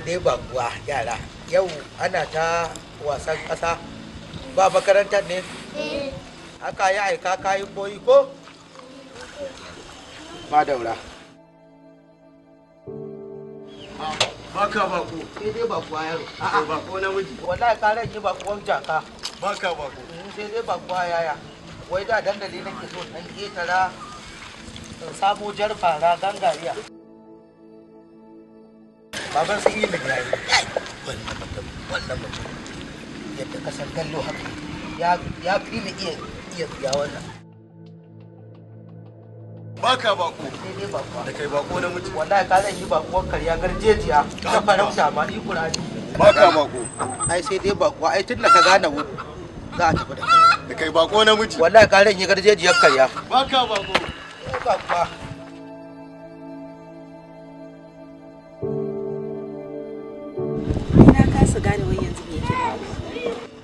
sai dai baguwa yara yau ana ta wasan ƙasa ba makarantar ne eh. haka ya aika kayi koyi ko ba daura baka bako sai dai bakuwa yaro a bako na namiji wallahi ka rage bakuwan jaka baka bako sai dai bakuwa yaya wai da dandali nake so dan ketara in samo jarfa ra gangariya baban sun yi migrani wannan mutum wannan mutum yadda kasar gallo haka ya fi ni iya iya ya wannan baka bako da kai bako na mutum wallahi ka zan yi bakuwar karya garjejiya ta ah, farauta ah. ma ni kurani baka bako ai sai dai bako ai tun da ka gane mu za a tafi da kai da kai bako na mutum wallahi ka zan yi garjejiyar karya baka bako Ba baka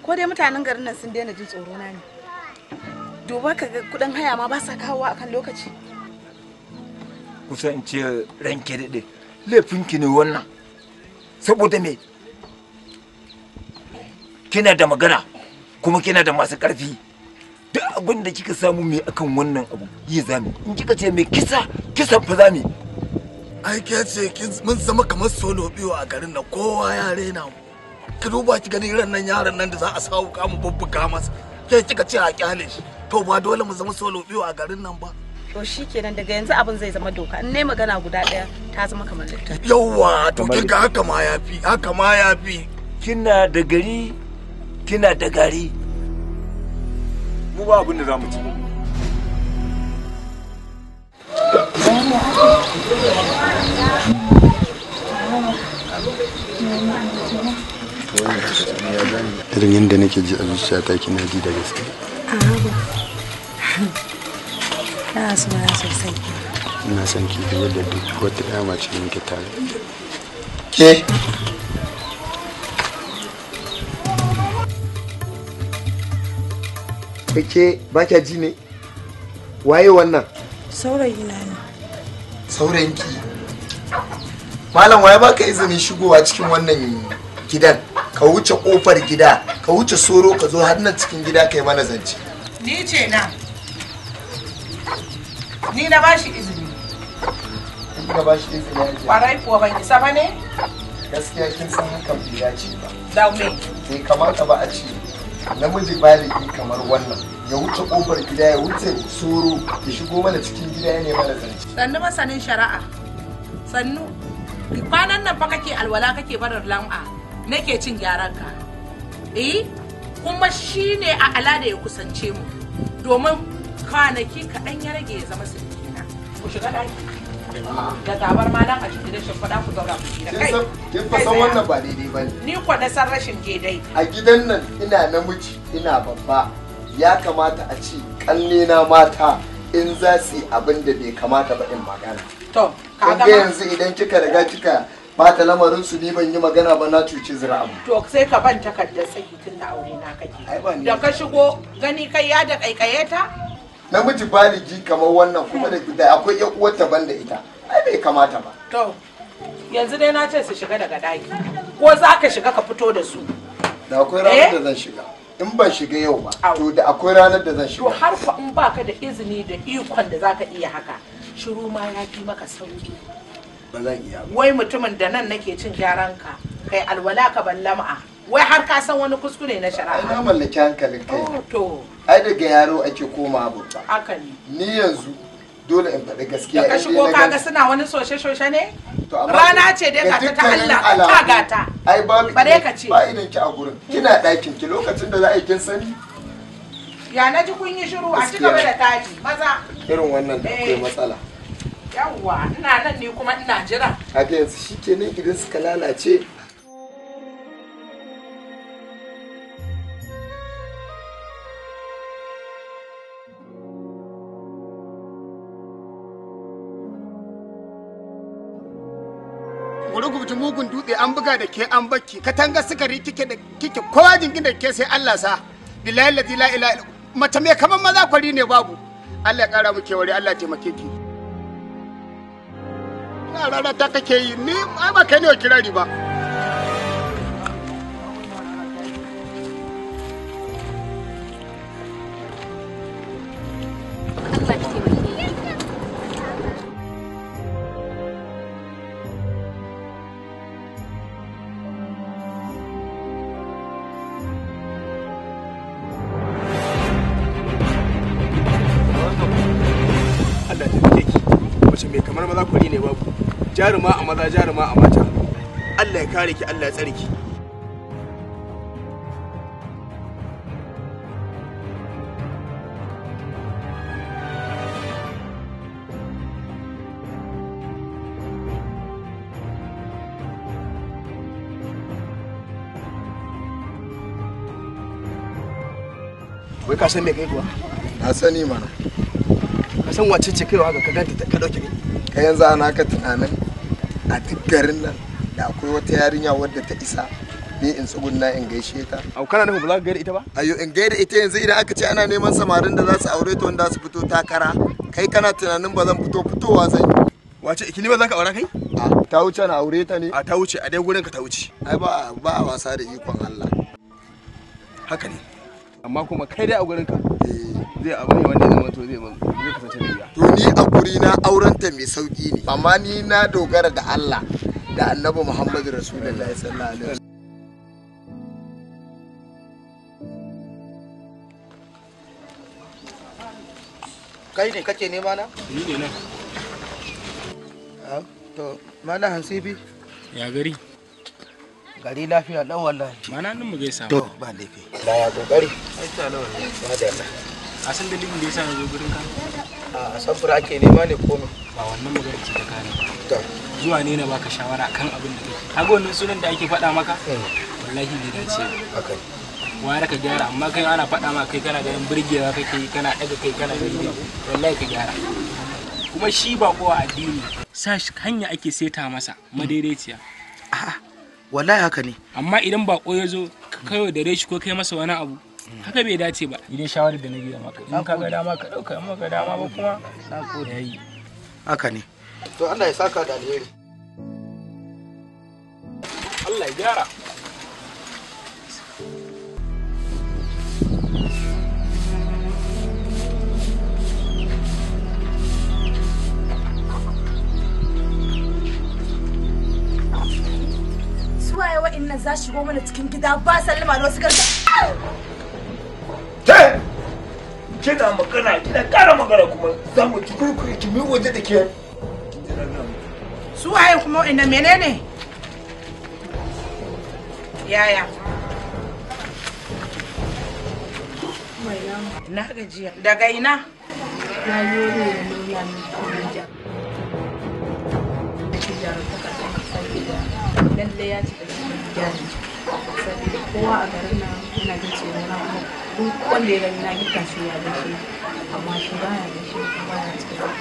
ko dai mutanen garin nan sun daina jin tsoro na ne duba ka ga kudin haya ma ba sa kawowa akan lokaci kusan ce ranke daɗe laifinki ne wannan saboda me kina da magana kuma kina da masu ƙarfi duk abin da kika samu mai akan wannan abu yi zami in kika ce mai kisa kisan fa zami ai ce mun zama kamar solo biyu a garin nan kowa ya rena mu ki duba ki gani ran nan yaran nan da za a sawo ka mu bubbuga masa ke kika ce a kyale shi to ba dole mu zama solo biyo a garin nan ba to shikenan daga yanzu abin zai zama doka in ne magana guda daya ta zama kamar littafi yawwa to kinga haka ma yafi haka ma yafi kina da gari kina da gari mu ba abin da zamu ci Thank you. irin yadda nake ji a ta kina ji da gaske ina so na sosai ina son ki biyar da duk wata ɗaya mace da muke tare ke ke ba kya ji ne waye wannan saurayi na ne ki. malam waye baka izinin shigowa cikin wannan gidan ka wuce kofar gida ka wuce soro ka zo har nan cikin gida kai mana zance ni ce na ni na ba shi izini na ba shi izini kwarai kuwa ban isa ba ne gaskiya kin san hakan bai dace ba da me bai kamata ba a ce namiji baligi kamar wannan ya wuce kofar gida ya wuce soro ya shigo mana cikin gida ya ne mana zance sannu masanin shari'a sannu kwanan nan fa kake alwala kake barin lam'a nake cin gyaran ka eh kuma shine a alada ya kusance mu domin kwanaki kaɗan ya rage ya zama kina. ku shiga ɗaki da tabar ma nan a cikin da shimfiɗa ku zaura ku gida kai kin fa san wannan ba daidai bane ni kwa na san rashin daidai a gidan nan ina namiji ina babba ya kamata a ce kalle na mata in za su yi abin da bai kamata ba in magana to kaga yanzu idan kika riga kika bata lamarin su ni ban yi magana ba na cuci mu. to sai ka ban takardar saki tun da aure na kake da ka shigo gani kai ya da kaikaye ta namiji baligi kamar wannan kuma da akwai ya uwarta ban da ita ai bai kamata ba to yanzu dai na ce su shiga daga daki ko za ka shiga ka fito da su da akwai ranar eh? da zan shiga in ban shiga yau ba to da akwai ranar da zan shiga to har fa in baka da izini da ikon da zaka iya haka shiru ma ya fi maka sauki ba zan iya wai mutumin da nan nake cin gyaran ka kai alwala ka ban lam'a wai har ka san wani kuskure na shari'a na mallaki hankalin kai oh, to ai daga yaro ake koma babba haka ne ni yanzu dole in faɗi gaskiya da ka eh, shigo ka ga suna wani soshe soshe ne rana ce dai ka ta Allah ka gata ai babu bare ka ce ba idan ki a gurin kina ɗakin ki lokacin da za a yi kin sani ya naji kun yi shiru a cigaba da taji maza irin wannan da akwai eh. matsala yawwa ina nan ne kuma ina jira haka yanzu shi shikenan idan suka lalace rubuta mugun dutse an buga da ke an bakki katanga sukari kike da kike kowa jingin da ke sai Allah sa bilahi la ilaha illa mata me kaman maza kwari ne babu Allah ya kara muke wari Allah taimake ki wannan rana ta kake yi ni ai ba kai ne kirari ba kamar maza kuri ne babu jaruma a maza jaruma a mata allah ya kare ki allah ya tsare ki wai ka san me kai kuwa na sani mana ka san wace ce kaiwa ga ka ganta ka dauke ni kai yanzu ana ka tunanin a duk garin nan da akwai wata yarinya wadda ta isa ni in tsugunna in gaishe ta. Au kana nufin ba za ka gaida ita ba? Ayo in gaida ita yanzu idan aka ce ana neman samarin da za su aure ta wanda su fito takara kai kana tunanin ba zan fito fitowa zan yi. Wace ikini ba za ka aura kai? A ta wuce na aure ta ne? A ta wuce a dai gurin ka ta wuce. Ai ba ba a wasa da ikon Allah. Haka ne. Amma kuma kai dai a gurin ka. Eh. Zai abin ne wanda zai manto zai zai kasance da iya. to ni a guri na aurenta mai sauki ne amma ni na dogara da Allah da annabi Muhammadu Rasulullahi sallallahu alaihi wasallam kai ne kake nema na? ni ne nan to mana hansibi ya gari gari lafiya dan wallahi mana nan mu gaisa to ba laifi la ya kokari ai ta lawa ba da Allah a san dalilin da yasa na zo gurin ka a samfura ake nema ne ko ba wannan magana ce ta kare ba zuwa ne na baka shawara kan abin da kake kaga wannan sunan da ake faɗa maka hmm. wallahi bai dace akai ware ka gyara amma kai ana faɗa maka kai kana ganin burgewa kake yi kana ɗaga kai kana burgewa wallahi ka gyara kuma shi ba kowa addini sa hanya ake seta masa madaidaiciya a'a wallahi haka ne amma idan ba ya zo kai da reshi ko kai masa wani abu haka bai dace ba dai shawarar da na biya maka in ka ga dama ka dauka in ka dama ba kuma sako da yayi haka ne to Allah ya saka da alheri Allah ya gyara suwaye wa'in nan za shigo mana cikin gida ba sallama da wasu garga te kina magana kina kara magana kuma za mu ci kurkure ki min waje da ke su waye kuma ina menene yaya na gajiya daga ina na ya nuna lalle ya ci da jari saboda kowa a garin nan duk wanda ya gani na gita shi ya shi amma shi da ba ya baya gaishe baya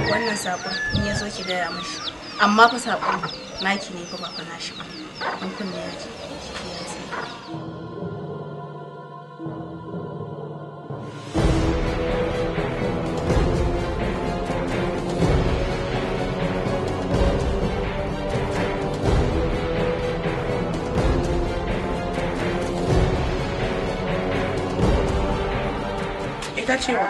tsoro wannan sakon in ya zo ki gaya mashi amma fa sakon naki ne fa ba fa nashi ba in ne ya ce ki ya ita ce wa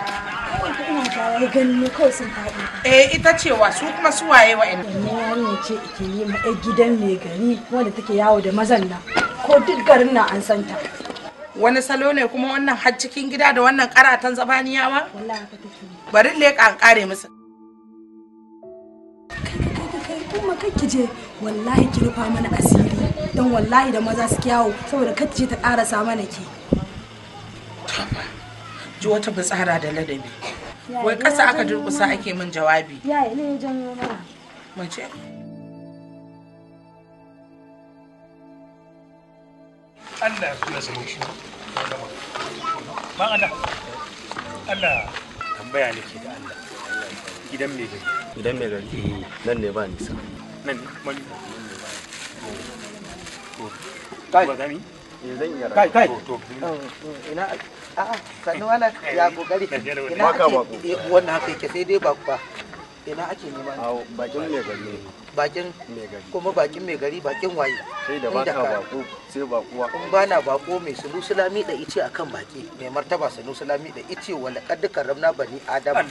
ya gani ne kawai sun faɗi eh ita ce wa su kuma su waye wa ina ne ce ke yi ma gidan mai gari wanda take yawo da mazan nan ko duk garin nan an ta. wani salo ne kuma wannan har cikin gida da wannan karatan zabaniya ma bari leƙa an ƙare musu kuma kakki je wallahi ki rufa mana asiri don wallahi da maza su yawo saboda kakki ta karasa mana ke ji wata fitsara da ladabi wai ƙasa aka durƙusa ake min jawabi ne ya janyo mace Allah ya zama Allah tambaya da Allah gidan mai gari gidan mai gari eh, nan ne ba nisa nan mali kai kai kai eh, eh, kai sannu ana ya kokari ina ake wannan haka yake sai dai bakwa ina ake nema bakin mai gari bakin kuma bakin mai gari bakin waye sai da baka bako sai bakuwa in bana bako mai sunu sulami da ice akan baki mai martaba sunu sulami da ice wala kaddukan rabna bani adam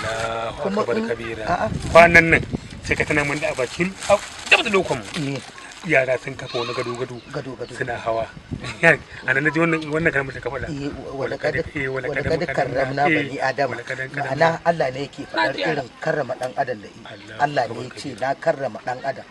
kuma kabira kwanan nan sai ka tana mun da bakin da lokacin mu yara sun kafa wani gado gado suna hawa a nan ji wannan wannan kalmar ta kafa da wani kadar wala na bani adam ma'ana Allah ne yake faɗar irin karrama dan adam da Allah ne yake na karrama dan adam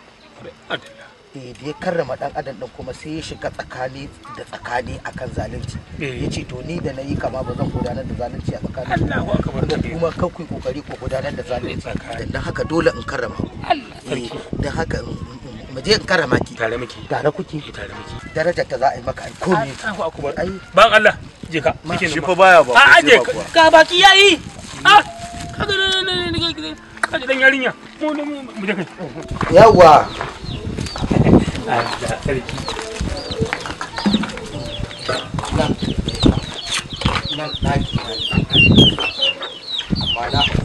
eh da ya karrama dan adam din kuma sai ya shiga tsakani da tsakani akan zalunci eh. ya ce to ni da na yi kama ba zan gudanar da zalunci a tsakanin da kuma kan kokari ko gudanar da zalunci dan haka dole in karrama Allah eh, dan haka mu je in karama ki tare miki tare kuke tare miki darajar ta za a yi maka ah, ah, ai komai Allahu ai ban Allah je ka kike shi fa baya ba a ah, je ka baki yayi ah kaga ne ne ne kaji dan yarinya mu mu je kai yawa sarki nan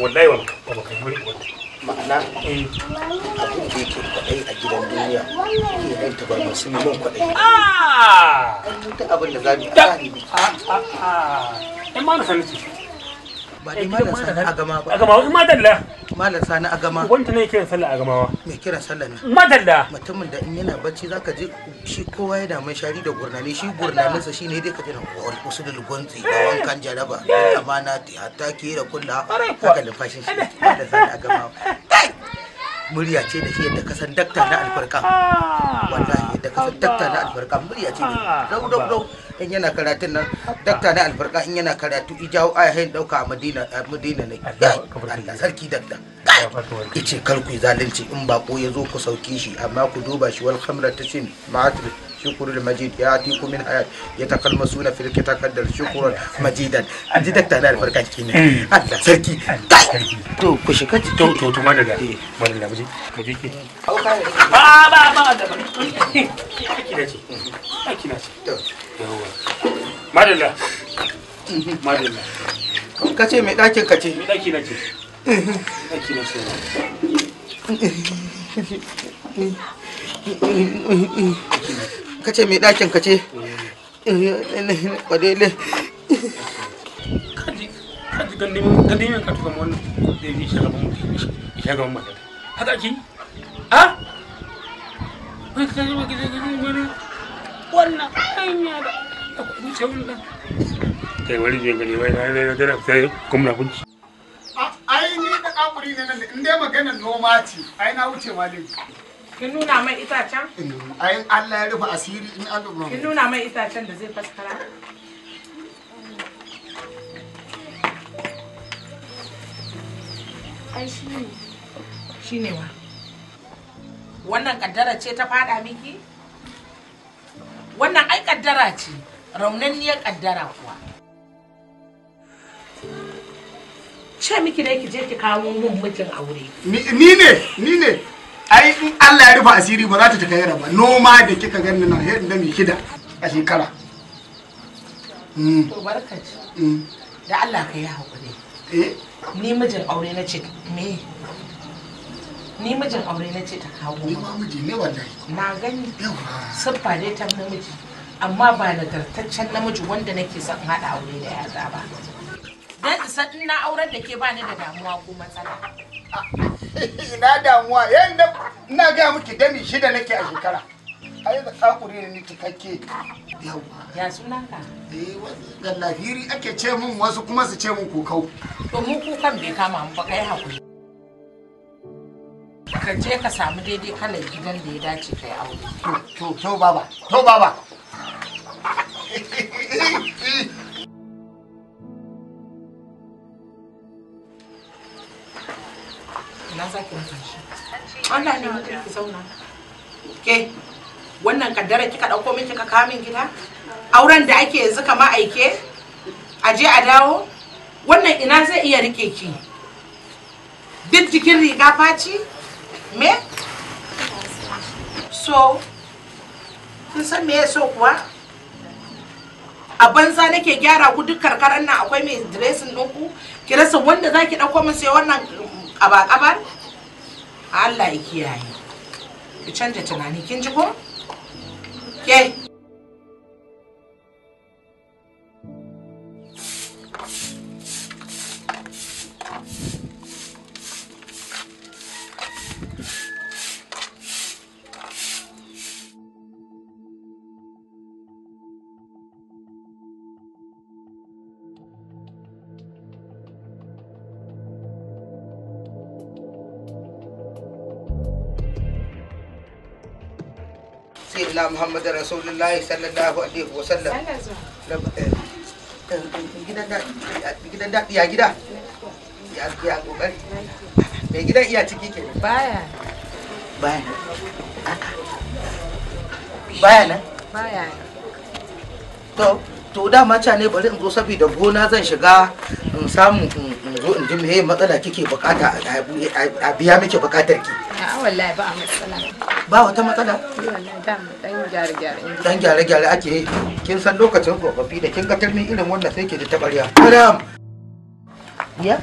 wallahi ba ba ka yi ma'ana eh, abin da yake kwaɗayi a gidan duniya ke nan ta ba masu neman kwaɗayi a ah! mutu abin a za mu yi a a ah, ah, ma na sanin ba dai malam sani agama ba agama wani madalla malam sani agama wanda ne kiran sallah agamawa mai kiran sallah ma madalla mutumin da in yana bacci zaka je shi kowa ya damu shari da gurnani shi gurnanin sa shine dai ka ji na kowar kusu da lugunzi da eh. wankan jaraba da eh. amana ta take da kullu haka lumfashin shi malam sani agama murya ce da ke yadda kasan dakta na alfarka ah, wallahi yadda ka san dakta na alfarka murya ce ne ah. dau dau dau in yana karatun nan dakta na alfarka in yana karatu ijawo a yayin dauka a madina a madina ne Allah sarki dakta yace kar ku zalunci in bako ya zo ku sauke shi amma ku duba shi wal khamra tasin ma'atul shukurul majid ya ti kumin hayat ya takalmasu na filki takaddar shukurul majidan an ji dakta na albarka ciki ne Allah sarki to da ba ki da ce ki na to yawa madalla madalla ka ce mai ɗakin ka ce mai ɗakin ka ce da kai je gani wai na da kuma na kunci noma ce ai na wuce Kin nuna mai itacen? Ai Allah ya rufe asiri in an rufe. Kin nuna mai itacen da zai faskara? Ai shi ne. Shi ne wa. Wannan kaddara ce ta fada miki? Wannan ai kaddara ce, raunanniyar kaddara kuwa. Ce miki dai ki je ki kawo mun mijin aure. Ni ne, ni ne. ai in Allah ya rufa asiri ba za ta yara ba noma da kika gani nan hedin da mai kida a shekara hmm. to barkaci hmm. da Allah ka yi hakuri eh ni mijin aure na ce me ni mijin aure na ce ta kawo ni ma miji ne wallahi na gani siffa dai ta namiji amma ba nagartaccen namiji wanda nake son haɗa aure da yata ba dan san ina auren da ke bani da damuwa ko matsala ah, ina damuwa yanda ina gaya miki dami shida nake a shekara ai da kakuri ne ni cikakke yawa ya sunanka eh gallafiri ake ce mun wasu kuma su ce mun kokau to mu kukan bai kama mu ba kai hakuri ka je ka samu daidai kalar gidan da ya dace kai aure to to baba to baba ina za ki rasa shi Allah ne mutum ki zauna ke wannan kaddara kika ɗauko miki ka kawo min gida auren da ake yanzu kama aike a je a dawo wannan ina zai iya rike ki duk jikin riga faci me so kin san me so kuwa a banza nake gyara ku duk karkaran nan akwai mai dressing ɗinku ki rasa wanda zaki ɗauko min sai wannan ƙaba ƙaban Allah ya kiyaye ki canja tunani kin ji ko ke إلا محمد رسول الله صلى الله عليه وسلم gidan iya ciki ke baya baya baya baya to to dama ca ne bari in zo saboda gona zan shiga in samu in zo in ji me matsala kike bukata a biya muke bukatar ki a wallahi ba matsala ba wata matsala dan gyare-gyare ake yi kin san lokacin tsofaffi da kin ga tarmin irin wanda sai ke da tabariya madam ya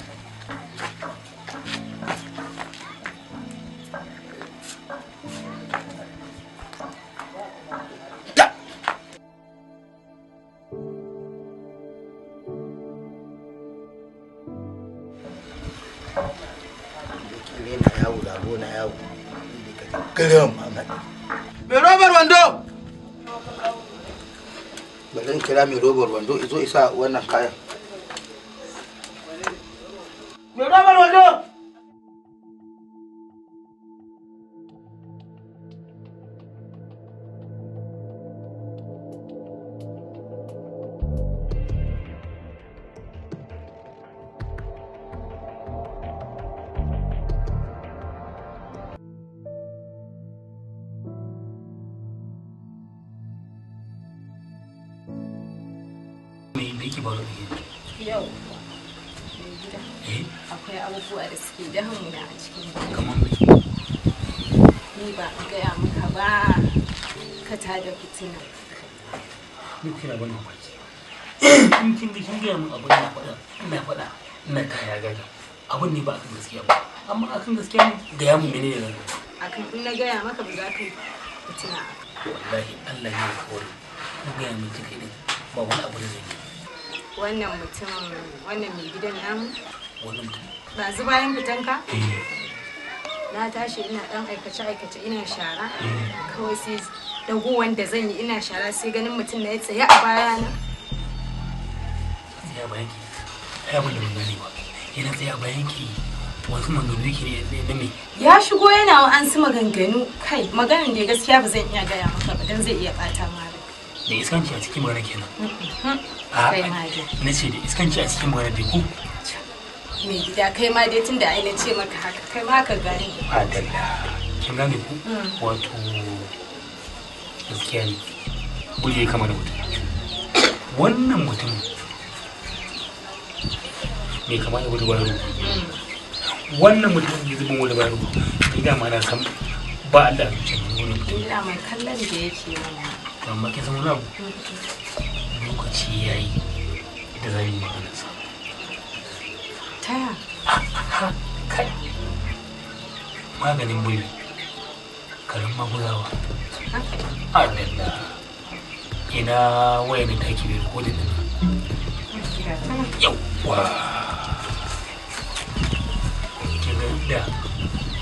kira mai robar wando izo isa wannan kayan ki baro ki yau eh? akwai abubuwa da suke damuna a cikin kamar miki ni ba a gaya maka ba ka ta da fitina ni kina ban nan baki in kin ga kin gaya min abin na faɗa ina faɗa ina kaya gaga abin ne ba akan gaskiya ba amma akan gaskiya gaya min menene ne akan in na gaya maka ba za ka yi fitina wallahi Allah ne ya kawai na gaya min kika idan ba wani abu da zai yi wannan mutum wannan mai gidan namu ba zu bayan fitanka eh. na tashi ina dan aikace aikace ina shara eh. kawai sai dago wanda zan yi ina shara sai ganin mutum na ya tsaye a baya na tsaya bayan ki ai abin da ba yana tsaya bayan ki wasu maganganu ki ne da me ya shigo yana wa an su maganganu kai maganin da gaskiya ba zan iya gaya maka ba dan zai iya bata ma da iskanci a cikin magana kenan mm-hmm. a na ce da iskanci a cikin magana ko me gida kai ma dai tunda ai na ce maka haka kai ma ka gani a dalla kin gane ku mm. wato gaskiya ne guje kama da mutum wannan mutum mai kama da wani baro mm. wannan mutum ya zubin wani baro ni dama na san ba Allah mutum ne wani mutum ina mai kallon da yake wani. to amma ke zama nan lokaci ya yi da za yi magana sa taya kai maganin bulbi karin magulawa a dalla ina waya ne take bai ko da dana yawwa kin da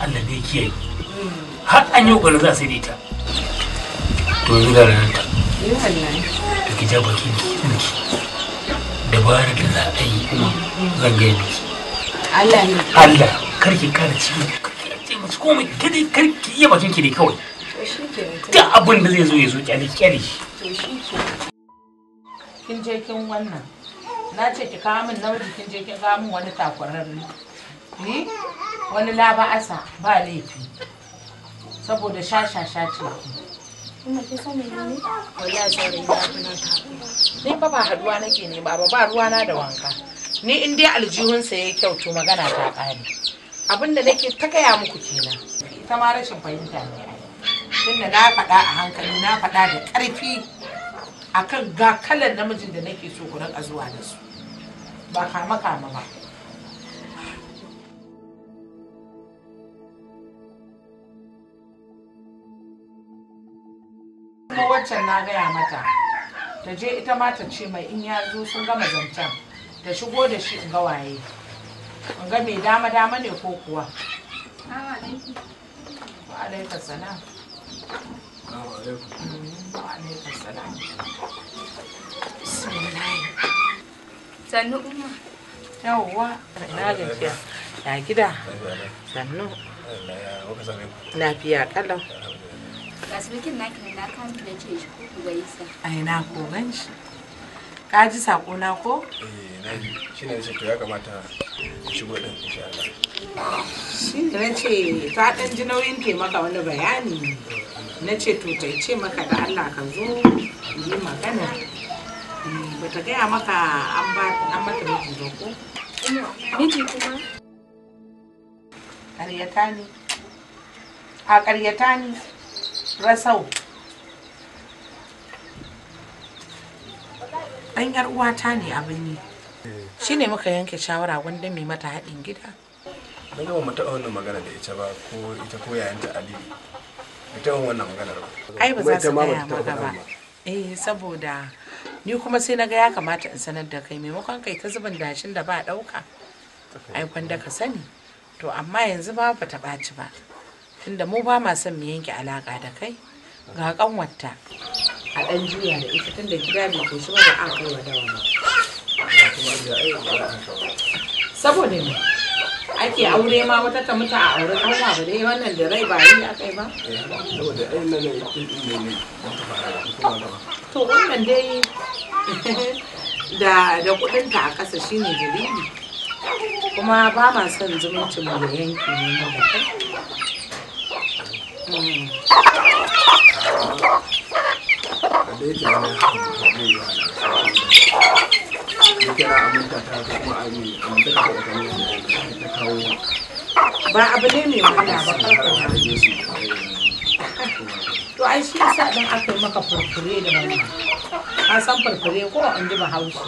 Allah ne kiyaye hmm. har an yi ƙoƙarin za su yi ta to yanzu ga ranar ta da ki ja baki da ki dabara da za a yi zan gaya miki Allah ne Allah kar ki kara ci masu komai kada kar ki iya bakin ki ne kawai da abin da zai zo ya zo kyale kyale kin je kin wannan na ce ki kawo min namiji kin je kin kawo min wani takwararre ni eh? wani laba asa ba laifi saboda sha sha shashasha ce Ni fa ba haduwa nake nema ba ba ruwana da wanka. Ni in dai aljihunsa ya kyau to magana ta ƙare. Abin da nake ta gaya muku kenan. Ita ma rashin fahimta ne Tunda na faɗa a hankali na faɗa da ƙarfi akan ga kalan namijin da nake so ku rinka zuwa da su. Ba kama kama ba. wancan na gaya mata ta je ita ma ta ce mai in ya zo sun gama zancen ta shigo da shi in ga waye in ga mai dama dama ne ko kuwa wa alaikar salam mm, wa alaikar salam sannu umma yawwa na gajiya ya gida sannu lafiya kalau na na ce shi ko ai na ko gan shi ka ji sako na ko eh na ji shine ce to ya kamata ku shigo din insha Allah shi ne na ce ta dan ji nauyin ke maka wani bayani na ce to ta ce maka da Allah ka zo yi magana eh, bata gaya maka an ba an mata miji ba ko miji kuma ƙaryata ne a ƙaryata ne rasau ɗan yar uwata ne abin yi shi ne muka yanke shawara wanda mai mata haɗin gida don mu mata wannan magana da ita ba ko ita ko ta ali ita wannan magana ba ai ba za su gaya maka ba eh saboda ni kuma sai na ga ya kamata in sanar da kai maimakon kai ta zubin dashin da ba ɗauka ai kwanda ka sani to amma yanzu ba ba ta ɓaci ba tunda mu ba ma son mu yanke alaka da kai ga kanwarta a dan juya da ita tunda gida bai koshi ba an kai wa dawa ba saboda ne ake aure ma wata ta mutu a aure kanwa ba dai wannan da rai ba yi akai ba saboda ai nan ne to wannan dai da da kudinta a ƙasa shine dalili kuma ba ma son zumuncin mu da yanki ne da ba abu ne mai wahala ba karkata to ai shi yasa dan aka yi maka furfure da wannan ka san furfure ko an ji bahaushe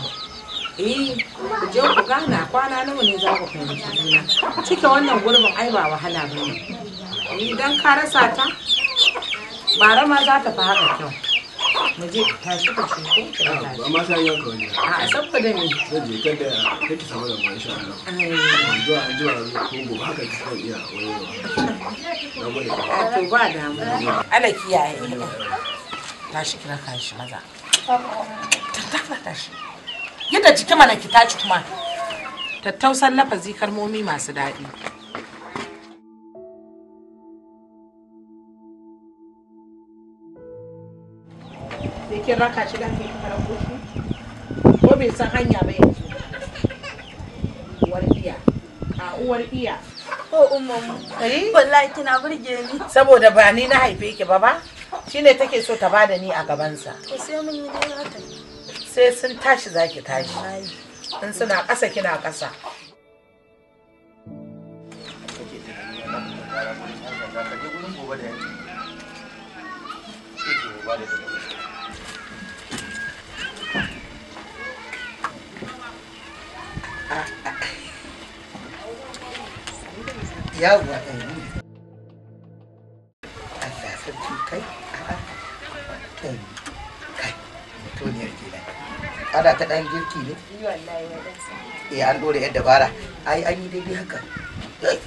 eh ku je ku gana kwana nawa ne za ku fahimci juna cike wannan gurbin ai ba wahala ba ne idan ka rasa ta bara ma za ta fi haka kyau mu je tashi ka ce ko kira amma sai wani a saboda me je samu da mu insha Allah eh. zuwa an zuwa ko gobe haka iya wani to ba ala kiyaye kira maza tattafa yadda jiki mana ki tashi kuma tattausan lafazi kalmomi masu daɗi da kin raka shi da kai karɓo shi ko bai san hanya ba yanzu uwar iya a uwar iya ko umman eh? wallahi kina burge ni saboda ba ni na haife ki ba ba shine take so ta bada ni a gabansa to sai mun yi dai haka sai sun tashi zaki tashi in suna ƙasa kina ƙasa yawa ɗari eh, Allah sarki kai a ɗari kai mutuniyar kenan ana ta ɗan girki ne? Eh an ɗore yadda bara ai an yi daidai haka eh,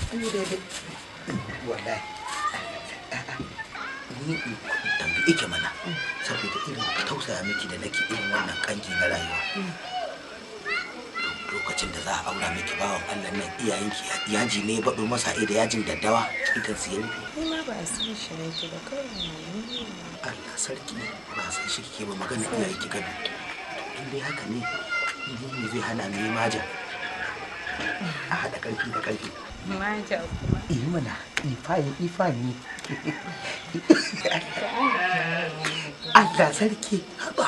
wallahi ni tambi ike mana saboda irin tausaya miki da nake irin wannan kanki na rayuwa lokacin da za a aura miki bawa Allah nan iyayenki yaji ne baɗo masa da yajin daddawa kikan su yanki. Ina ba a san shi ne ki da kawai Allah sarki ba san shi kike ba magana iyayenki gani. In dai haka ne ni ne zai hana ni maja. A haɗa ƙarfi da ƙarfi. Maja kuma. Iyi eh mana ifa ne. Allah sarki haba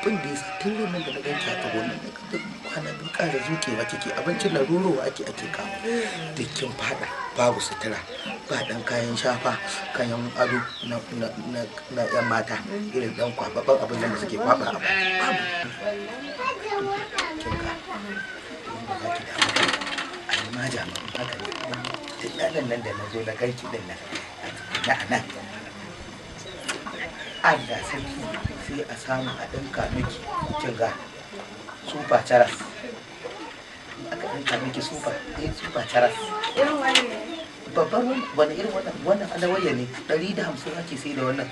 abin da ya sa tun da na ganki a ta gonar kwana biyu ƙara zukewa kike abincin rurowa ake ake kawo dukkin fada babu sutura ba dan kayan shafa kayan ado na na yan mata irin dan kwababan abin da suke kwaba a babu kin ga ba ki da ai haka ne duk ɗaɗan nan da na zo na garki ɗin nan na anan Allah sarki sai a samu a ɗinka miki kin ga tsufa caras aka ɗauka miki tsufa ɗaya tsufa caras babban wani irin wannan wannan alawayya ne ɗari da hamsin ake sai da wannan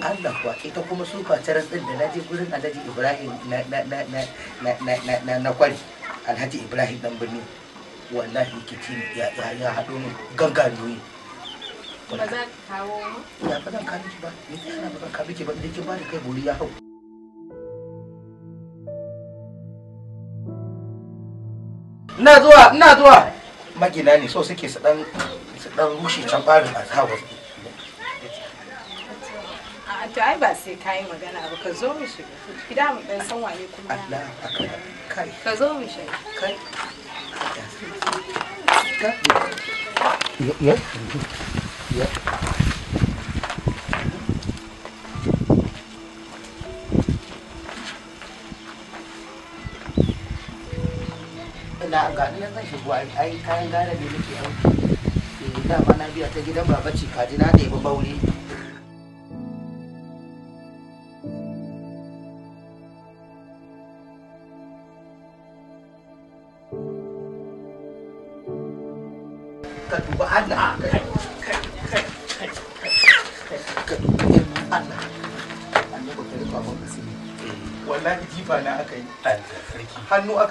Allah kuwa ita kuma tsufa caras ɗin da naje gurin alhaji ibrahim na na na kwari alhaji ibrahim ɗan birni wallahi rikici ya haɗo min gangaroyi ba za ka kawo ba ya ba zan kawo miki ba me zai yana ba zan kawo miki ba da kin ba da kai buri ya hau ina zuwa ina zuwa magina ne so suke su dan su dan rushe can barin a kawo su to ai ba sai ka yi magana ba ka zo mu shiga gida mu dan san wane kuma Allah akbar kai ka zo mu shiga kai Ya. ya ya kaji nan zan shigo ai kayan gane ne muke auki eh dama na biya ta gidan baba ce kaji na nemi baure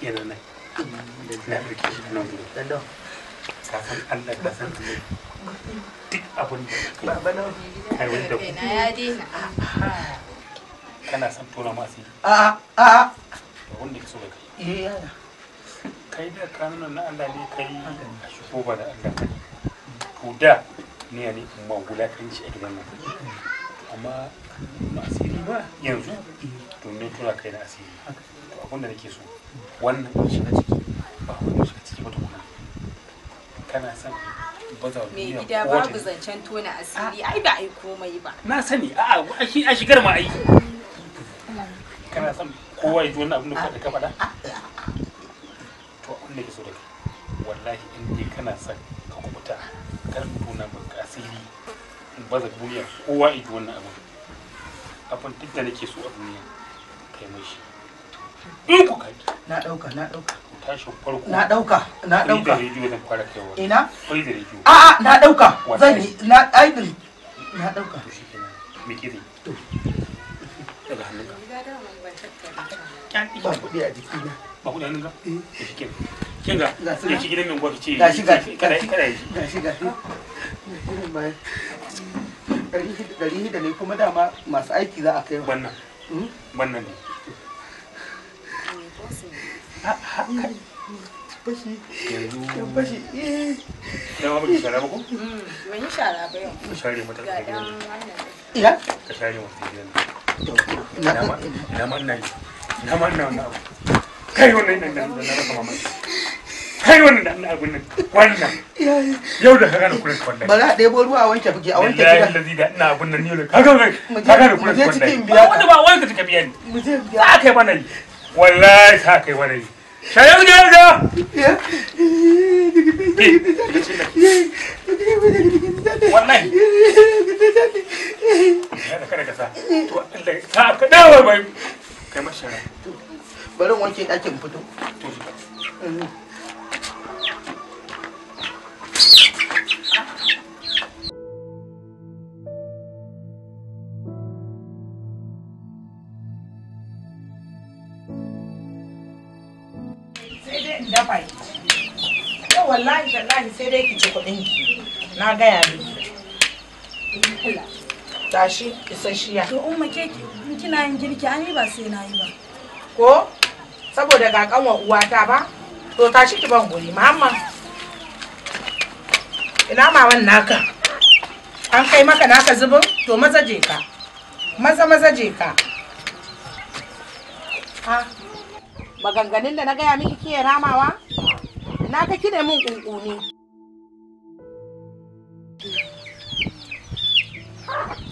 yana nan shi nan kasan allah kai kai wanda kana son tona masu yi a a wanda ke so da kai kai da kanunan na allah ne kai a shigo ba da allah kai to da ne ne magula kan shi a gidan nan amma asiri ba yanzu ne tura kai na asiri abin da nake so wannan shiga ciki ba wannan shiga ciki ba tukuna kana son mai gida babu zancen tona asiri ai ba ai komai ba na sani a'a a shigar ma ai kana san kowa ya ji wannan abin da ka faɗa to abin da ke so da kai wallahi in dai kana son ka kubuta kar ka tona ba asiri baza duniya kowa ya ji wannan abin abin duk da nake so a duniya kai mai shi na dauka na dauka na dauka na dauka ina a a na dauka zan yi na na dauka ne kuma dama masu aiki za a kai wannan hmm? wannan ne bashi yan bashi eh yawa baki shara ba ko hmm, ban yi shara ba yau ka share mata ma ina ma ina ina kai wannan nan nan na rasa kai wannan nan abun nan wannan yau na kuren wannan ba za a ɗebo ruwa a wanke a wanke da ina ne kaga kaga na a yi wallahi sa kai wani shayar da wallahi ka sa to Allah ka dawo kai mashara bari wanke ɗakin fito abinci isasshiya to umma ke kina yin girki an yi ba sai na yi ba ko saboda ga kanwa uwata ba to tashi ki ban guri mamma ina maman naka an kai maka naka zubin to maza je ka maza maza je ka ha maganganun da na gaya miki kiyaye ramawa na ka kine min kunkuni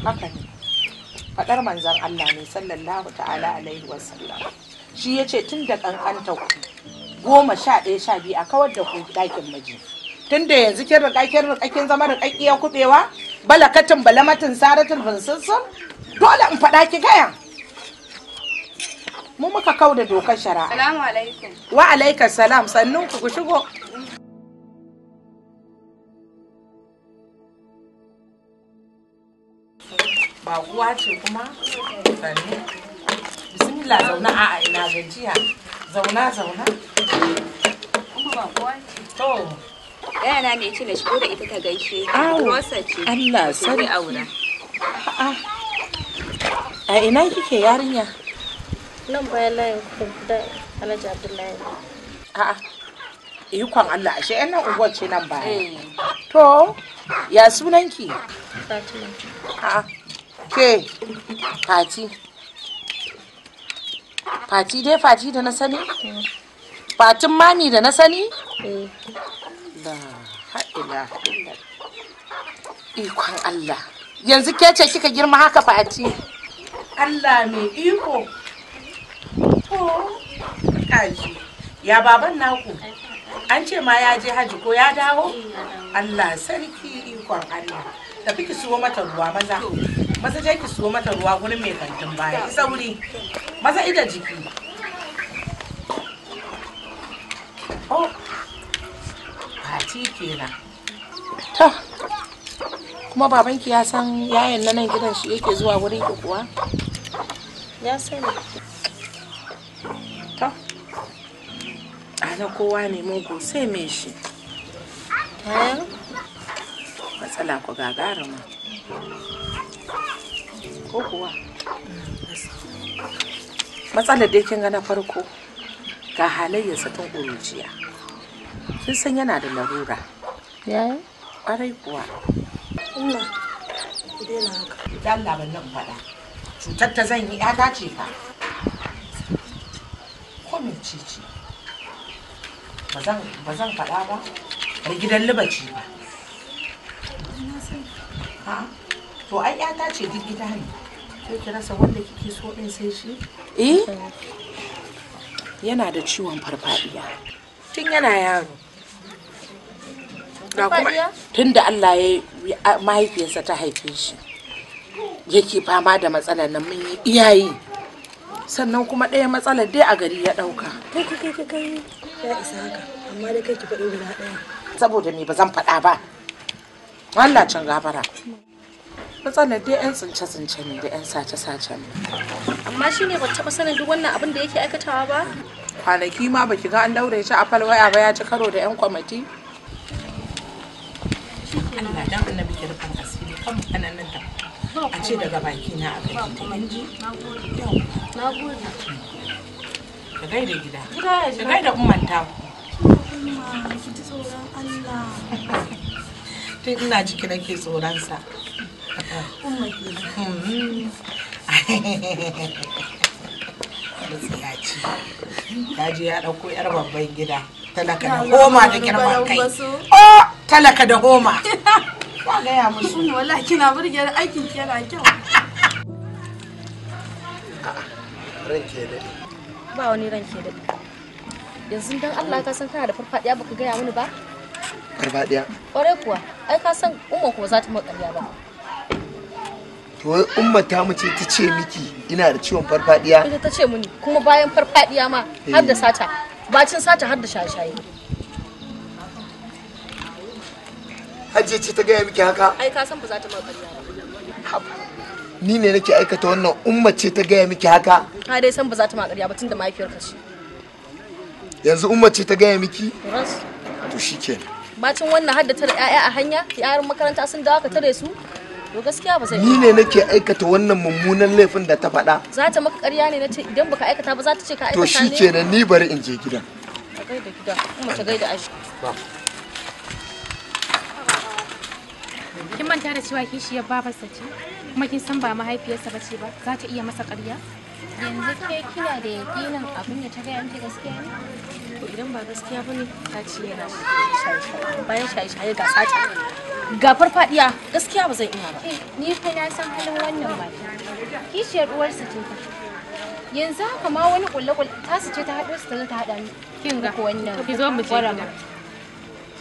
haka ne faɗar manzan Allah ne sallallahu ta'ala alaihi wasallam shi ya ce tun da ƙanƙanta ku goma sha ɗaya sha biyu a kawar da ku ɗakin miji tun da yanzu kin riƙa kin riƙa kin zama iya kuɓewa balakatin balamatin saratin bunsunsun dole in faɗa ki gaya mu muka kau da dokar shara'a. Salamu alaikum. Wa alaika salam sannun ku ku shigo. ba uwa ce kuma sannu bismillah zauna a ina gajiya zauna zauna kuma ba uwa ce to yana mai ce na shigo da ita ta gaishe rosa ce Allah sai aura a ina kike yarinya nan bayan layin da Alhaji Abdullahi a'a ikon Allah ashe yan nan unguwar ce nan baya eh. to ya sunanki Fatima a'a Ke, Fati. Fati dai Fati da na sani? Fatin mami da na sani? Da haɗila Ikon Allah. Yanzu kece kika girma haka Fati? Allah mai iko. Kaji, ya baban naku. An ce ma ya je haji ko ya dawo? Allah sarki ikon Allah. tafi ki siyo mata ruwa maza maza je ki siyo mata ruwa wurin mai kantin baya ki sauri maza ida jiki oh fati kenan to kuma babanki ya san yayan nan gidan shi yake zuwa wurin ki kuwa ya sani to ana kowa ne mugu sai me shi eh? matsala ku ma ko kuwa matsalar dai kin ga na farko ga halayyarsa tun ƙuruciya sun san yana da larura yayi ƙwarai kuwa ina daina haka dan labar nan faɗa cutar ta zan yi ya dace fa ko ci ci? ba zan faɗa ba ai gidan libaci ba to ai ce duk gida ne sai ki rasa wanda kike so din sai shi eh? eh yana da ciwon farfadiya tun yana yaro da kuma tun da Allah ya mahaifiyarsa ta haife shi yake fama da matsalar nan mun iyaye sannan kuma ɗaya matsalar dai a gari ya ɗauka kai kai kai kai ya isa haka amma kai ki faɗi guda ɗaya saboda me ba zan faɗa ba Allah can gafara. Matsalar dai 'yan tsince-tsince ne da 'yan sace-sace ne. Amma shi ne ba taɓa sanin duk wannan abin da yake aikatawa ba? Kwanaki ma baki ga an daure shi a falwaya ba ya ci karo da 'yan kwamiti? Allah dan annabi ki rufin asiri kan mutanen nan da a ce daga baki na a kan ta inji. Na gode. Ka gaida gida. Ka gaida umman ta. Allah. tun ina jiki nake tsoronsa kaji ya ɗauko 'yar babban gida talaka da homa da girman kai oh talaka da homa ba gaya musu ne wala kina burgiyar aikin ki yana kyau ranke da ba wani ranke da yanzu don Allah ka san kana da farfadiya baka gaya mini ba farfadiya kwarai kuwa ai ka san umma ko za ta makarya ba to wai umma ta mu ce ta ce miki ina da ciwon farfadiya ita ta ce mini kuma bayan farfadiya ma har da eh. sata bacin sata har da shaye-shaye Hajiya ce ta gaya miki haka? Ai ka san ba za ta makarya ba. Ni ne nake aikata wannan umma ce ta gaya miki haka? Ka dai san ba za ta makarya ba tunda mahaifiyarka ce. Yanzu umma ce ta gaya miki? Ras. to shikenan bacin wannan haddatar ƴaƴa a hanya yaran makaranta sun dawo ka tare su to gaskiya ba zai ni ne nake aikata wannan mummunan laifin da ta faɗa za ta maka ƙarya ne nace idan baka aikata ba za ta ce ka aikata ne to ne ni bari in je gidan ta gaida gida kuma ta gaida ashi kin manta da cewa kishiyar babarsa ce kuma kin san ba mahaifiyarsa ce ba za ta iya masa ƙarya yanzu ke kina da yakinin abin da ta gaya miki gaskiya ne to idan ba gaskiya ta shaye-shaye bayan shaye-shaye ga ga farfadiya gaskiya ba zan iya ba eh, ni fa na san halin wannan mata kishiyar sa ce ta yanzu haka ma wani kulle-kulle ta su ce ta haɗo su ta ta haɗa ni kin ga wannan ki zo mu je gida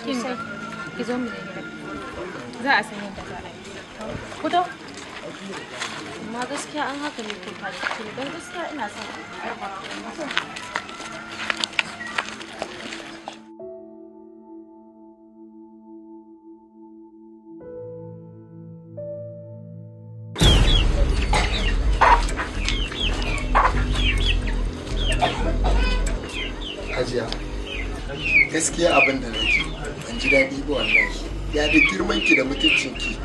kin ga ki zo mu je gida za a san yadda za a yi fito amma gaskiya an haka ne ke don gaskiya ina son Hajiya, gaskiya abin da nake ji daɗi ba wallahi ya da girman ki da mutuncin ki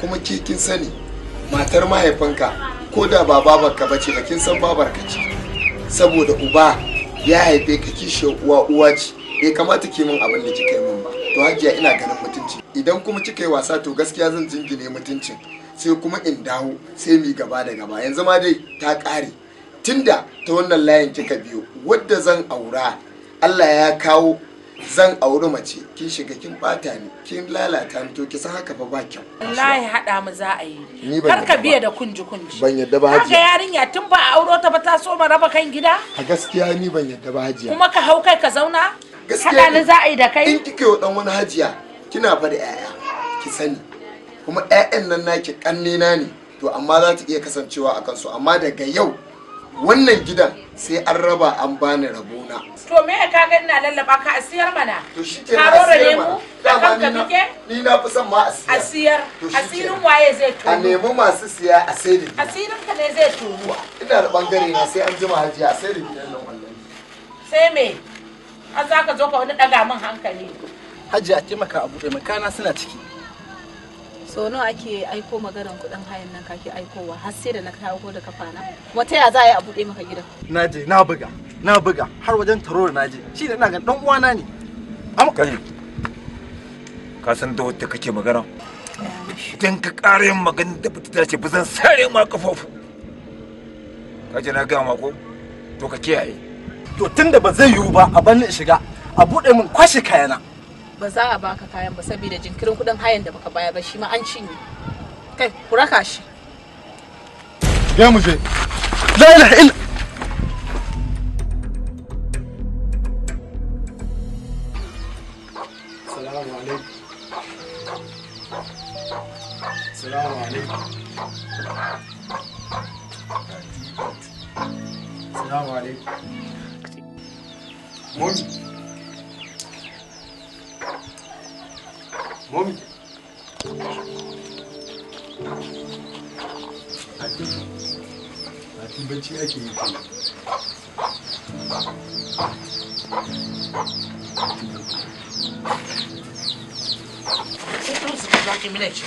kuma ke kin sani matar mahaifinka ko da ba babarka ba ce bakin san babarka ce saboda uba ya haife ka kishiyar uwa uwa ce bai kamata ki min abin da kike yi min ba to hajiya ina ganin mutunci idan kuma kika yi wasa to gaskiya zan jingine mutuncin sai kuma in dawo sai mi gaba da gaba yanzu ma dai ta ƙare tunda ta wannan layin kika biyo wadda zan aura Allah ya kawo zan auri mace kin shiga kin bata ni kin lalata ni to ki san haka fa ba kyau wallahi hada mu za a yi kar ka biya da kunji kunji ban yadda ba haji kaga yarinya tun ba a auro ta ba ta so ma raba kan gida a gaskiya ni ban yadda ba hajiya kuma ka hau kai ka zauna gaskiya ni za a yi da kai in kike wa dan wani hajiya kina fa da yaya ki sani kuma ƴaƴan nan naki na ne to amma za ta iya kasancewa akan su amma daga yau wannan gidan sai an raba an bani rabona to me ka ga ina lallaba ka asiyar mana to shi ke ka rora lemu ka kanka muke? ni na fi son ma asiyar asiyar asirin waye zai turo a nemi masu siya a sai da asirin ka ne zai turo ina da bangare na sai an jima hajiya a sai da gidan nan wallahi sai me an za ka zo ka wani daga min hankali hajiya taimaka a buɗe makana suna ciki so nawa ake aiko maganan kudin hayan nan kake aikowa har sai da na kawo da kafa na wata ya za a yi a bude maka gidan naje na buga na buga har wajen taro da naje shi da ina ga dan uwana ne amma kai ka san da wata kake magana idan ka ƙara yin magana da ba ta dace ba zan sare ma kafofu ka ji na gama ko to ka kiyaye to tunda ba zai yiwu ba a bani shiga a bude min kwashe kayana ba za a baka kayan ba saboda jinkirin kudin hayan da baka bayar ba shi ma an cinye kai ku raka shi ya muje je la ilaha illa Assalamu alaikum. Assalamu alaikum. Assalamu alaikum. Mami. Ati bacci ake yi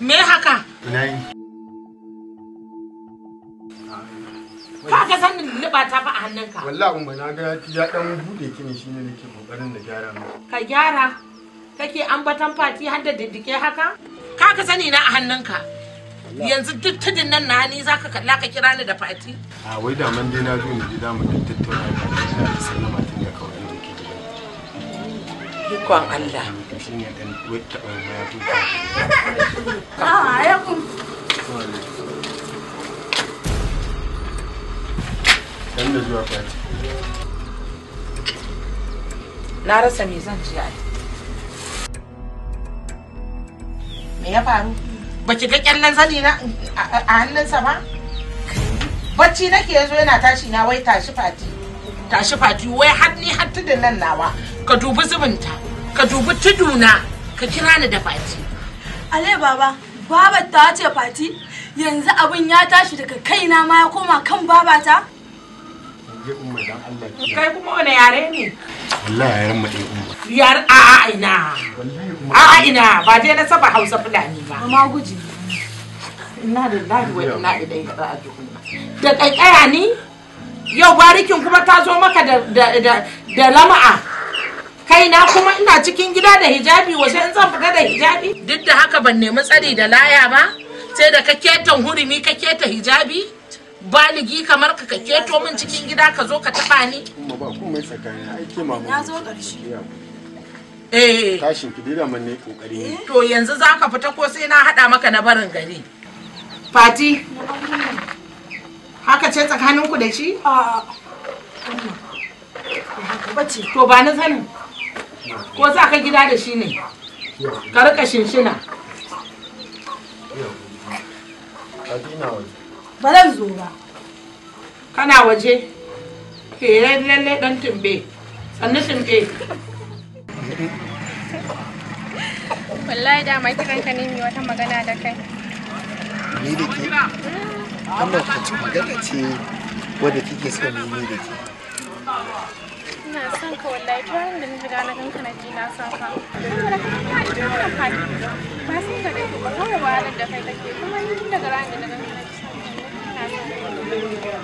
Me haka? Nai. Kaga sanin liba ta fa a hannunka. Wallahi umma na ga ya ɗan bude kini shine nake kokarin na gyara. Ka gyara. kake ambatan fati har da diddike haka kaka sani na a hannunka yanzu duk nan na ni zaka kalla ka kira ni da fati a wai da man dai na zo ni gida mu tattauna da sallama tun da kawai da kike ikon Allah ne dan wai ta ba ya tuka ah ya kun dan da zuwa fati na rasa me zan ci ai me ya faru ki ga kyallan zani na a hannunsa ba bacci nake yazo yana tashi na wai tashi fati tashi fati wai har ni har tudun nan nawa ka dubi zubinta ka dubi tuduna ka kira ni da fati ale baba babar ta ce fati yanzu abin ya tashi daga kaina ma ya koma kan babata kai kuma wani yare ne wallahi yaren mu ɗaya yar a ina a ina ba dai na saba hausa fulani ba amma guji ina da lahi wa ina idan ya ra'a da kaikaya ni yau barikin kuma ta zo maka da lama'a kaina kuma ina cikin gida da hijabi waje in zan fita da hijabi duk da haka ban nemi tsari da laya ba sai da ka ketan hurumi ka keta hijabi baligi kamar ka keto min cikin gida ka zo ka tafa ni ba mai tsakani ai ke mama na zo ƙarshe e. tashin ki dira ne kokari ne to yanzu zaka fita ko sai na hada maka na barin gari fati haka ce tsakanin ku da shi ah. to ba na sanin ko za ka gida da shi ne ka rika shinshina ba zan zo ba kana waje ke eh, lalle dan tumbe tumbe wallahi da mai kiran ka ne mai wata magana da kai ni da ke amma wacce magana ce wadda kike so ne ni da ke ina son ka wallahi ta da na shiga na ganka na ji na son ka saboda kai ka ji mana ba ka da kuma da kai kuma ni daga ranar da na ganka na ji son ka ina son ka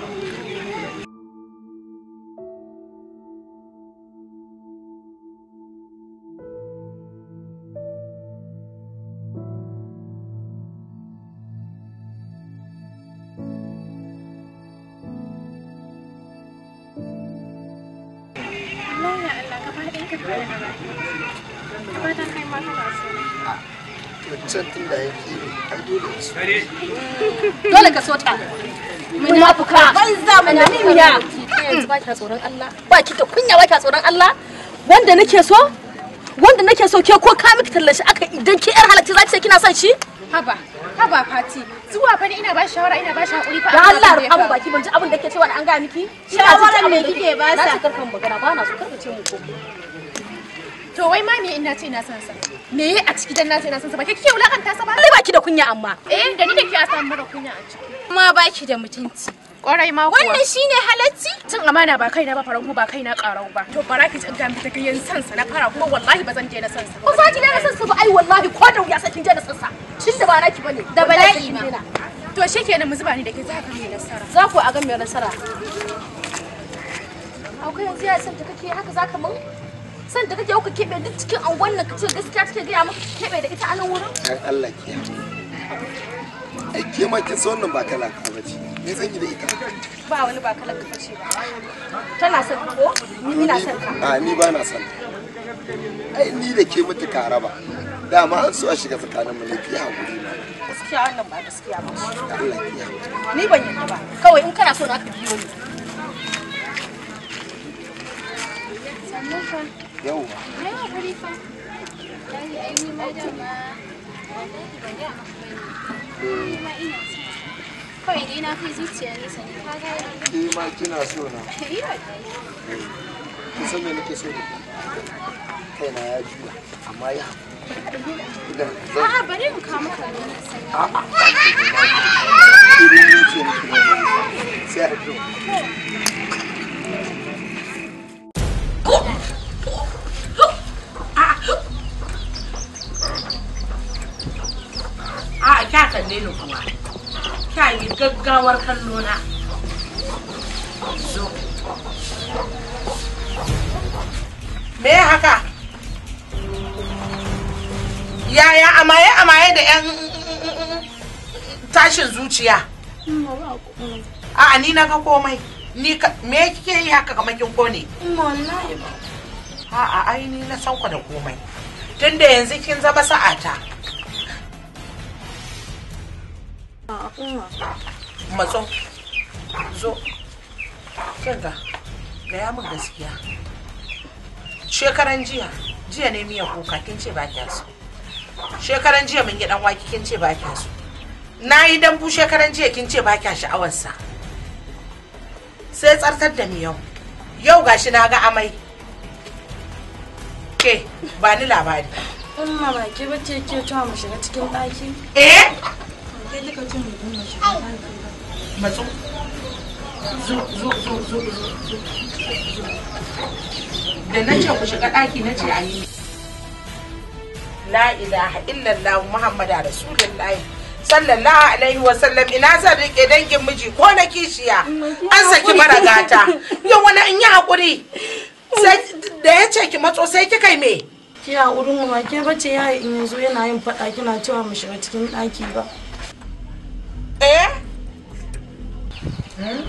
dole ka so ta. Munafuka. Banza munaniya. Yanzu ba ki tsoron Allah. Ba ki da kunya ba ki tsoron Allah. Wanda nake so wanda nake so ke ko ka miki tallashi aka idan ke yar za ki ce kina son shi haba haba fati zuwa fa ina ba shawara ina ba hakuri fa Allah rufa baki ban ji abin da ke cewa an ga miki shawara me kike ba sa na ci karkan magana ba na so mu ko To wai ma me ina ce na san sa? Me yi a ciki dan na ce na san sa ba kike ta sa ba? Ai baki da kunya amma. Eh da ni da ki a samu mara kunya a ciki. Kuma baki da mutunci. Kwarai ma kuwa. Wannan shine halacci? Cin amana ba kaina ba faranku ba kaina karau ba. To bara ki tsinta miki ta kiyan san sa na fara kuma wallahi ba zan je na san sa. Ba za ki na san sa ba ai wallahi ko da wuya sai kin je na san sa. da ba naki bane. Da bala'i ma. To shikenan mu zuba ni da ke za ka mai nasara. Za ku a ga mai nasara. Akwai yanzu ya san ta kake haka zaka mun? san da kake ka kebe duk cikin wannan ka kace gaskiya kake gaya maka kebe da ita a nan wurin Allah ki ai ke ma kin ba kala ka bace me zan yi da ita ba wani ba kala ka bace ba tana son ko ni na son ka a ni ba na son ai ni da ke mutu ka raba dama an so a shiga tsakanin mu ne a hakuri ma gaskiya wannan ba gaskiya ba Allah ki ni ban yarda ba kawai in kana so na ka biyo ni Thank you. yau ba eh, ma kina so na eh, ki san nake so da kai na ya juya amma ya bari mu kalle ni kuwa kya yi gaggawar kallo zo me haka yaya amaye amaye da yan tashin zuciya a ni na ga komai ni me kike yi haka kamar kin kone wallahi a a ai ni na sauka da komai tunda yanzu kin zama sa'ata matso zo kinga gaya min gaskiya shekaran jiya jiya ne miya kuka kin ce ba kya so shekaran jiya mun yi dan waki kin ce ba kya so na yi dambu shekaran jiya kin ce ba kya sha'awarsa sai tsartar da miyau yau gashi na ga amai ke ba ni labari umma ba ke bace ke cewa mu shiga cikin ɗaki eh Kai duka cin rubin Da na ce ku shiga na La illallah sallallahu alaihi wa sallam ina zan rike dangin miji ko na kishiya an saki mara yau wani in yi hakuri da ya ce ki matso sai kika me ki hakurin mu ba ke bace ya in yanzu yana yin faɗa kina cewa mu shiga cikin ɗaki ba eh hmm?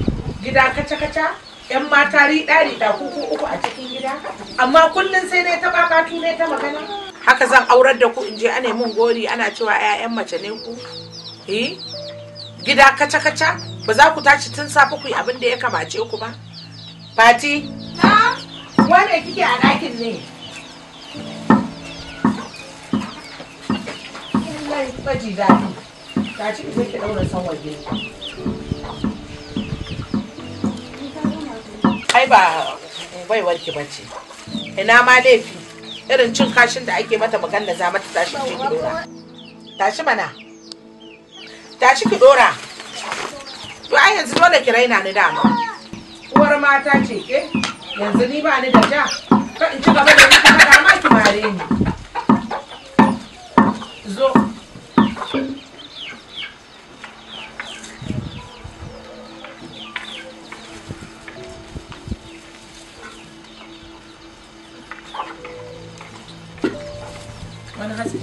gida kaca-kaca yan mata riɗa da kuku uku a cikin gida amma kullum sai ne ta babatu ne ta magana haka zan aurar da ku in je ana mun gori ana cewa 'ya'yan mace ne ku eh? gida kaca-kaca ba za ku tashi tun safe ku yi abin da ya kamace ku ba fati na wanda kike a ɗakin ne Allah ya ta ci ki ki daura san ai ba baiwar ki bace ina ma laifi irin cin kashin da ake mata magana za mata tashi ki dora tashi mana tashi ki dora to yanzu dole ki raina ni dama uwar mata ce ke yanzu ni bani ni da ja ka in da ma ki mare ni zo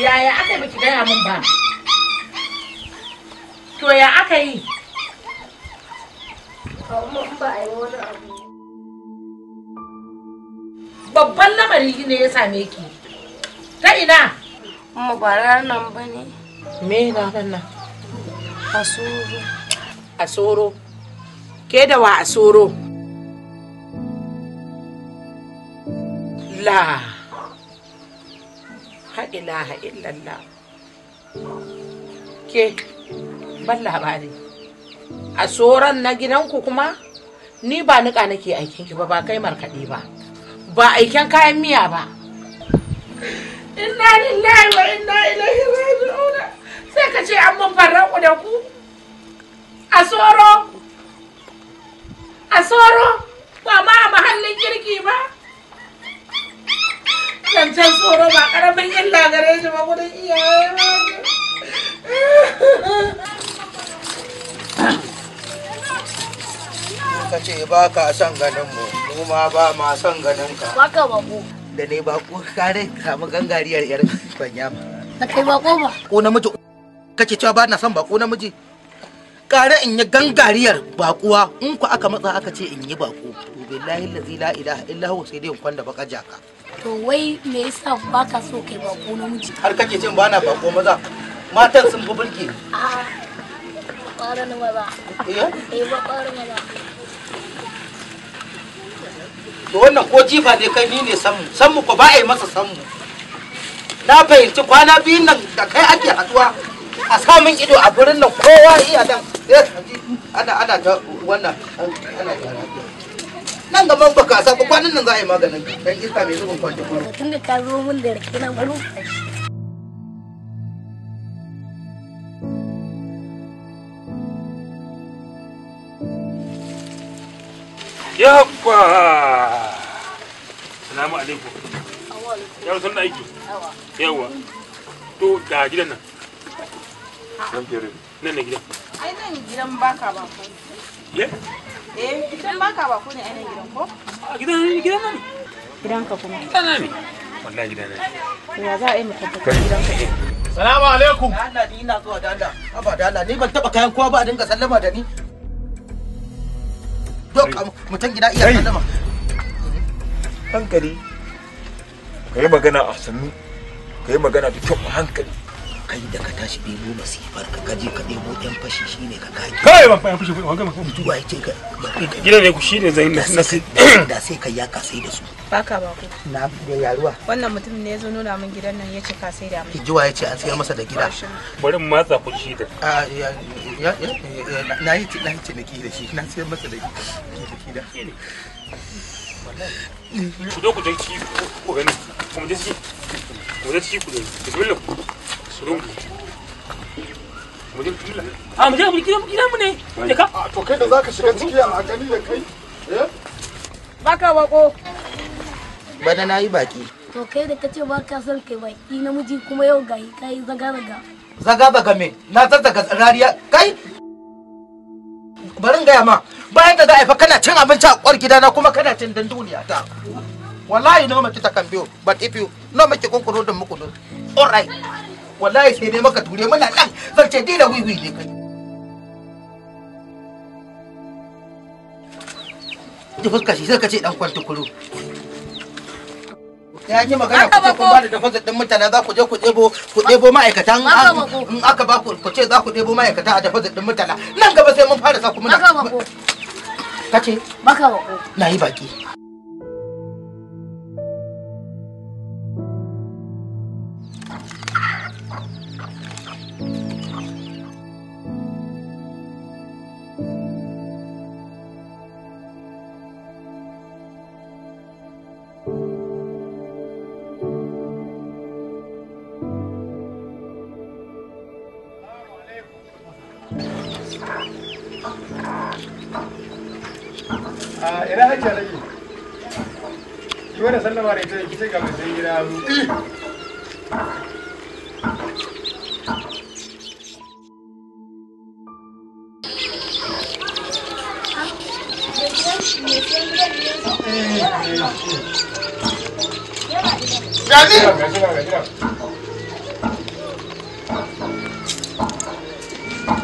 yaya aka yi baki gaya min ba to ya aka yi babban lamari ne ya same ki ta ina mu nan ba ne me na nan asoro asoro ke da wa asoro la la ilaha illallah ke ban labari a tsoron na gidanku kuma ni ba niƙa nake aikin ki ba ba kai markaɗe ba ba aiken kayan miya ba inna lillahi wa inna ilaihi raji'un sai ka ce an mun ku da ku a tsoro a tsoro ba ma a mahallin kirki ba zancen tsoro ba karamin illa gare shi ba gudun iyaye ka ce ba ka son ganin mu mu ma ba ma son ganin ka ka bako da ne bako kare samu gangariyar yar kwanya ba kai bako ba ko namiji kake cewa ba na son bako namiji kare in yi gangariyar bakuwa in ku aka matsa aka ce in yi bako to billahi la ilaha illa huwa sai dai in kwanda baka jaka to wai me yasa ba ka so kai bako namiji har kake jin ba na bako maza matan sun fi bulke a maza eh ba maza to wannan ko jifa ne kai ni ne sammu sammu ko ba a yi masa sammu na fahimci kwana biyun nan da kai ake haduwa a samun ido a birnin nan kowa iya nan ana ana ta wannan ana ta nan ga ba kasa ba kwanan nan za a yi maganin dan iska mai zubin kwanci tun da ka zo mun da rake na baro yabba salamu alaikum yau sun da aiki yawa to ga gidan nan nan ne gidan ai nan gidan baka ba ye gidan eh, ba ka ba ku ne ainihin gidan ko? Gidan gidan nan. Gidan ka kuma. Gidan nan ne. Wallahi gidan nan. Ya za a yi ka gidan ka. Salamu alaikum. Allah ni ina zuwa da Allah. Haba da ni ban taba kayan kowa ba a dinga sallama da ni. Dok mutum gida iya sallama. Hankali. Kai magana a sannu. Kai magana da kyau a hankali. kai da ka tashi ɗebo masifar ka kaje ka ɗebo yan fashi shine ka kaki kai ban fayan fashi ba gama mutu ba ka gidan ne ku shine zai na da sai ya ka sai da su baka ba ku na da yaruwa wannan mutum ne zo nuna min gidan nan yace ka sai da mu kijiwa yace an sayar masa da gida bari mu matsa ku shi da ah, a ya ya na yi na yi ciniki da shi na sayar masa da gida ku zo ku je ki ku gani ku je ki ku je ki ku je a ah, mu je mu gidan gidan mu ne je ka ah, to kai da zaka shiga ciki a gani da kai eh baka bako bana nayi baki to kai da kace baka son kai baki namiji kuma yau gayi kai zaga zaga zaga zaga me na zaga rariya kai barin gaya ma bayan da za a fa kana cin abinci a kwar gidana kuma kana cin dan duniya ta wallahi no maki ta kan biyo but if you no maki kunkuru da mukudu all right wallahi sai dai maka ture muna nan zan ce da wiwi ne kai ki fuska shi sai ka ce dan kwanta kuro ya yi magana ku ce kun ba da deposit din mutane za ku je ku ɗebo ku ɗebo ma'aikatan in aka ba ku ce za ku ɗebo ma'aikata a deposit din mutane nan gaba sai mun fara sa ku muna kace maka bako na yi baki um, y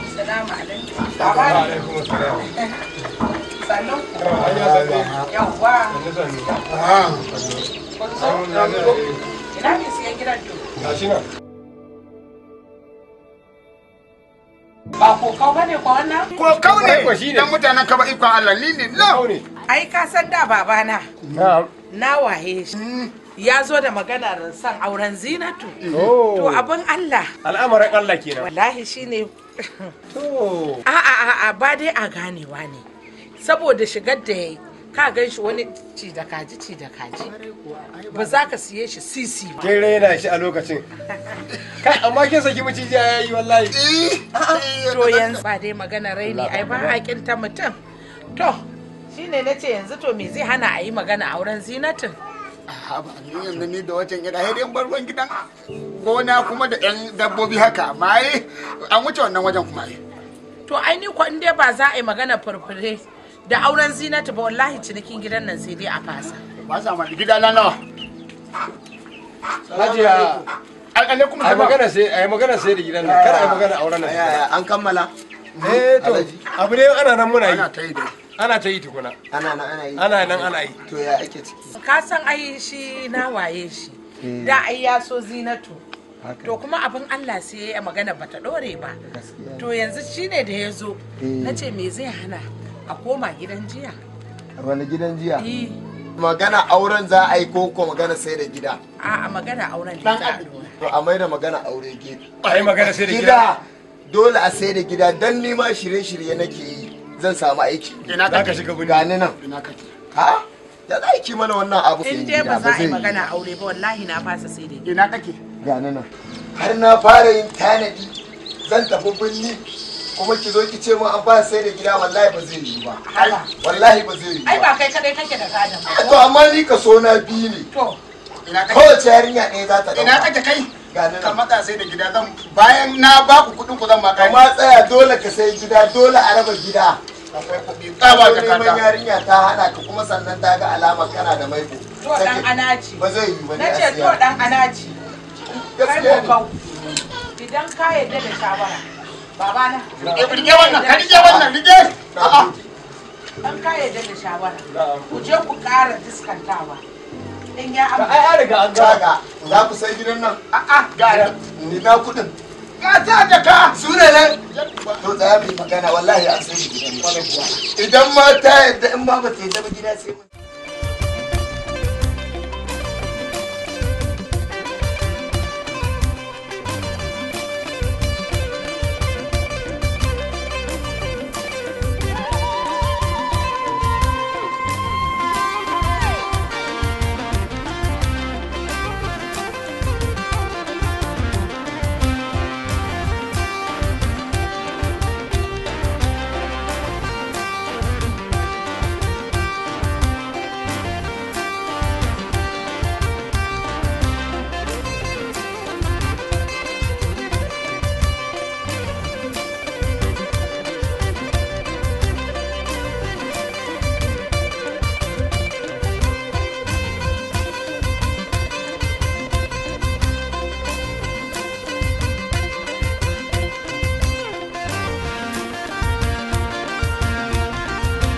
السلام عليكم وعليكم السلام سلام يوه Ina ne Ba ne ba wannan? Kokau ne dan mutanen kaba ikon Allah ni ne na. Ai ka san da babana. Na na waye shi. Ya zo da maganar san auren zinatu. To abin Allah. Al'amarin Allah kenan. Wallahi shine. To. a a ba dai a ganewa ne. Saboda shigar da ya yi ka gan shi wani ci da kaji ci da kaji ba za ka siye shi sisi ba kin raina shi a lokacin kai amma kin saki miciji ya yi wallahi eh, to yanzu ba dai magana raini ai ba hakin ta mutum to shine nace yanzu to me zai hana a yi magana auren zinatin yanzu ni da wacan gida hedin barban gidan gona kuma da yan dabbobi haka maye an wuce wannan wajen kuma to ai ni ko dai ba za a yi magana furfure da auren zinatu ba wallahi cinikin gidan nan sai dai a fasa ba sa mai gida na nawa hajiya kuma sai magana sai ai magana sai da gidan nan kar ai magana auren nan an kammala eh to abu ne ana nan muna yi ana ta yi da. ana ta yi tukuna ana nan ana yi ana nan ana yi to ya ake ciki ka san ai shi na waye shi eh. da ai ya so zinatu to kuma abin Allah sai ya magana bata dore ba to yanzu shine da ya zo eh. na ce me zai hana a koma gidan jiya wani gidan jiya eh. magana auren za a yi koko magana sai da gida a magana auren da za a a mai da magana aure gefe a yi magana sai da gida dole a sai da gida don nima shirye-shirye nake yi zan samu aiki ina ka shiga buni gani nan ina ka ha da za a yi mana wannan abu sai gida ba za a yi magana aure ba wallahi na fasa sai da gida ina kake gani nan har na fara yin tanadi zan tafi birni kuma ki zo ki ce mun an ba sai da gida wallahi ba zai yi ba wallahi ba zai yi ba ai ba kai kadai kake da gadon to amma ni ka so na biyu ne to ina kake kowace yarinya ɗaya za ta ina ka kai ka matsa sai da gida zan bayan na ba ku kuɗin ku zan ma kai amma tsaya dole ka sai gida dole a raba gida akwai kuɗi tsaba ka kanta neman yarinya ta hana ka kuma sannan ta ga alama kana da maiko to dan anaji ba zai yi ba ne nace to dan anaji gaskiya ne idan ka yarda da shawara babana eh, rige wannan ka rige wannan rige a'a an kare da shawara ku je ku ƙara diskantawa in ya amma ai an riga an ga za ku sai gidan nan a'a ga ni na kudin ka ta da ka sune nan to tsaya mai magana wallahi an sai gidan nan idan ma ta yadda in ba ba ta yadda ba gida sai